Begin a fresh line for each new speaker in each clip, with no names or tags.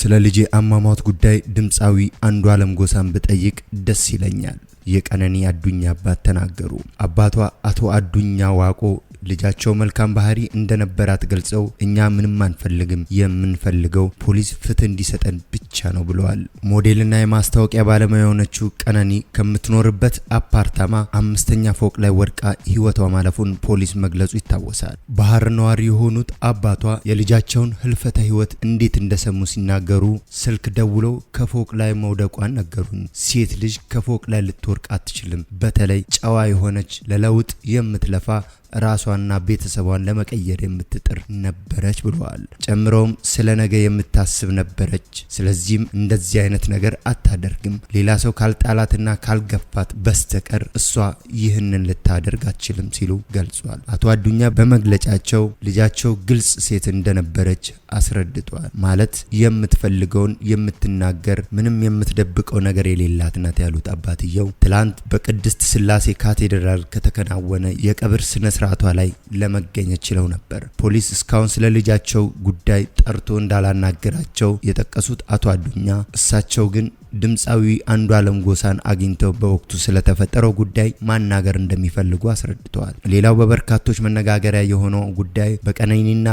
ስለ ልጄ አሟሟት ጉዳይ ድምፃዊ አንዱ አለም ጎሳን ብጠይቅ ደስ ይለኛል የቀነኒ አዱኛ አባት ተናገሩ። አባቷ አቶ አዱኛ ዋቆ ልጃቸው መልካም ባህሪ እንደነበራት ገልጸው እኛ ምንም አንፈልግም፣ የምንፈልገው ፖሊስ ፍትህ እንዲሰጠን ብቻ ነው ብለዋል። ሞዴልና የማስታወቂያ ባለሙያ የሆነችው ቀነኒ ከምትኖርበት አፓርታማ አምስተኛ ፎቅ ላይ ወድቃ ህይወቷ ማለፉን ፖሊስ መግለጹ ይታወሳል። ባህር ነዋሪ የሆኑት አባቷ የልጃቸውን ህልፈተ ህይወት እንዴት እንደሰሙ ሲናገሩ ስልክ ደውለው ከፎቅ ላይ መውደቋን ነገሩን። ሴት ልጅ ከፎቅ ላይ ልትወርቅ አትችልም፣ በተለይ ጨዋ የሆነች ለለውጥ የምትለፋ ራሷና ቤተሰቧን ለመቀየር የምትጥር ነበረች ብለዋል። ጨምሮም ስለ ነገ የምታስብ ነበረች። ስለዚህም እንደዚህ አይነት ነገር አታደርግም። ሌላ ሰው ካልጣላትና ካልገፋት በስተቀር እሷ ይህንን ልታደርግ አትችልም ሲሉ ገልጿል። አቶ አዱኛ በመግለጫቸው ልጃቸው ግልጽ ሴት እንደነበረች አስረድቷል። ማለት የምትፈልገውን የምትናገር ምንም የምትደብቀው ነገር የሌላት ናት ያሉት አባትየው ትላንት በቅድስት ስላሴ ካቴድራል ከተከናወነ የቀብር ስነ ስርዓቷ ላይ ለመገኘት ችለው ነበር። ፖሊስ እስካሁን ስለ ልጃቸው ጉዳይ ጠርቶ እንዳላናገራቸው የጠቀሱት አቶ አዱኛ እሳቸው ግን ድምፃዊ አንዱ አለም ጎሳን አግኝተው በወቅቱ ስለተፈጠረው ጉዳይ ማናገር እንደሚፈልጉ አስረድተዋል። ሌላው በበርካቶች መነጋገሪያ የሆነው ጉዳይ በቀነኒና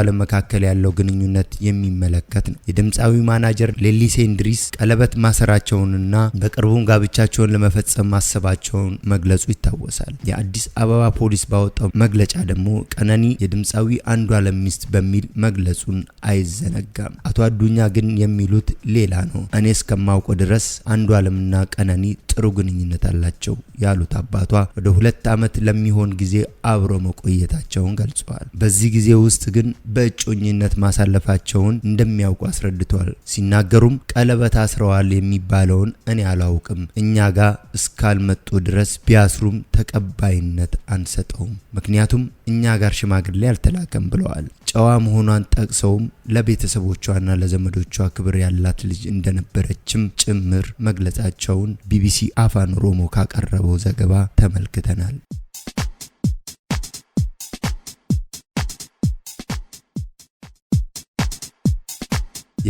አለም መካከል ያለው ግንኙነት የሚመለከት ነው። የድምፃዊ ማናጀር ሌሊሴ እንድሪስ ቀለበት ማሰራቸውንና በቅርቡም ጋብቻቸውን ለመፈጸም ማሰባቸውን መግለጹ ይታወሳል። የአዲስ አበባ ፖሊስ ባወጣው መግለጫ ደግሞ ቀነኒ የድምፃዊ አንዷለም ሚስት በሚል መግለጹን አይዘነጋም። አቶ አዱኛ ግን የሚሉት ሌላ ነው። እኔ እስከማውቀው ድረስ አንዷለምና ቀነኒ ጥሩ ግንኙነት አላቸው ያሉት አባቷ ወደ ሁለት ዓመት ለሚሆን ጊዜ አብሮ መቆየታቸውን ገልጸዋል። በዚህ ጊዜ ውስጥ ግን በእጮኝነት ማሳለፋቸውን እንደሚያውቁ አስረድቷል። ሲናገሩም ቀለበት አስረዋል የሚባለውን እኔ አላውቅም፣ እኛ ጋር እስካልመጡ ድረስ ቢያስሩም ተቀባይነት አንሰጠውም፣ ምክንያቱም እኛ ጋር ሽማግሌ አልተላከም ብለዋል። ጨዋ መሆኗን ጠቅሰውም ለቤተሰቦቿና ለዘመዶቿ ክብር ያላት ልጅ እንደነበረችም ጭምር መግለጻቸውን ቢቢሲ አፋን ኦሮሞ ካቀረበው ዘገባ ተመልክተናል።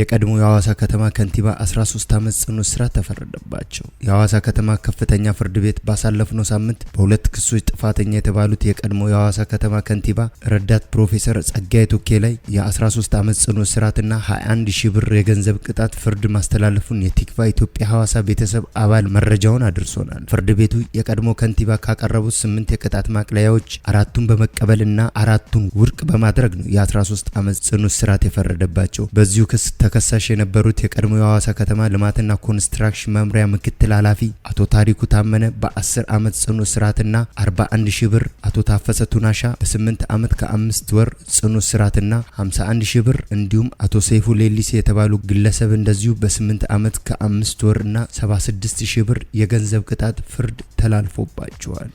የቀድሞ የሐዋሳ ከተማ ከንቲባ 13 ዓመት ጽኑ እስራት ተፈረደባቸው። የሐዋሳ ከተማ ከፍተኛ ፍርድ ቤት ባሳለፍነው ሳምንት በሁለት ክሶች ጥፋተኛ የተባሉት የቀድሞ የሐዋሳ ከተማ ከንቲባ ረዳት ፕሮፌሰር ጸጋዬ ቶኬ ላይ የ13 ዓመት ጽኑ እስራትና 21 ሺህ ብር የገንዘብ ቅጣት ፍርድ ማስተላለፉን የቲክቫ ኢትዮጵያ ሐዋሳ ቤተሰብ አባል መረጃውን አድርሶናል። ፍርድ ቤቱ የቀድሞ ከንቲባ ካቀረቡት ስምንት የቅጣት ማቅለያዎች አራቱን በመቀበልና አራቱን ውድቅ በማድረግ ነው የ13 ዓመት ጽኑ እስራት የፈረደባቸው። በዚሁ ክስ ተከሳሽ የነበሩት የቀድሞ የሐዋሳ ከተማ ልማትና ኮንስትራክሽን መምሪያ ምክትል ኃላፊ አቶ ታሪኩ ታመነ በ10 ዓመት ጽኑ እስራትና 41 ሺህ ብር፣ አቶ ታፈሰ ቱናሻ በ8 ዓመት ከአምስት ወር ጽኑ እስራትና 51 ሺህ ብር እንዲሁም አቶ ሰይፉ ሌሊስ የተባሉ ግለሰብ እንደዚሁ በ8 ዓመት ከአምስት ወር እና 76 ሺህ ብር የገንዘብ ቅጣት ፍርድ ተላልፎባቸዋል።